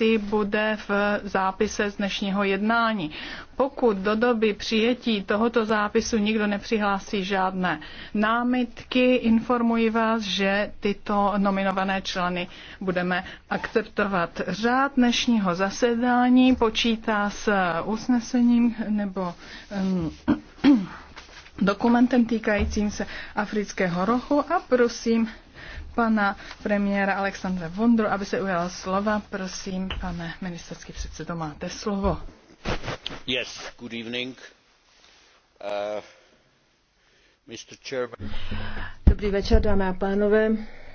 informací bude v zápise z dnešního jednání. Pokud do doby přijetí tohoto zápisu nikdo nepřihlásí žádné námitky, informuji vás, že tyto nominované členy budeme akceptovat. Řád dnešního zasedání počítá s usnesením nebo um, dokumentem týkajícím se afrického rohu a prosím, pana premiéra Alexandra Vondru, aby se ujala slova. Prosím, pane ministerský předsedo, máte slovo. Yes, good evening. Uh, Mr. Chairman. Dobrý večer, dámy a pánové.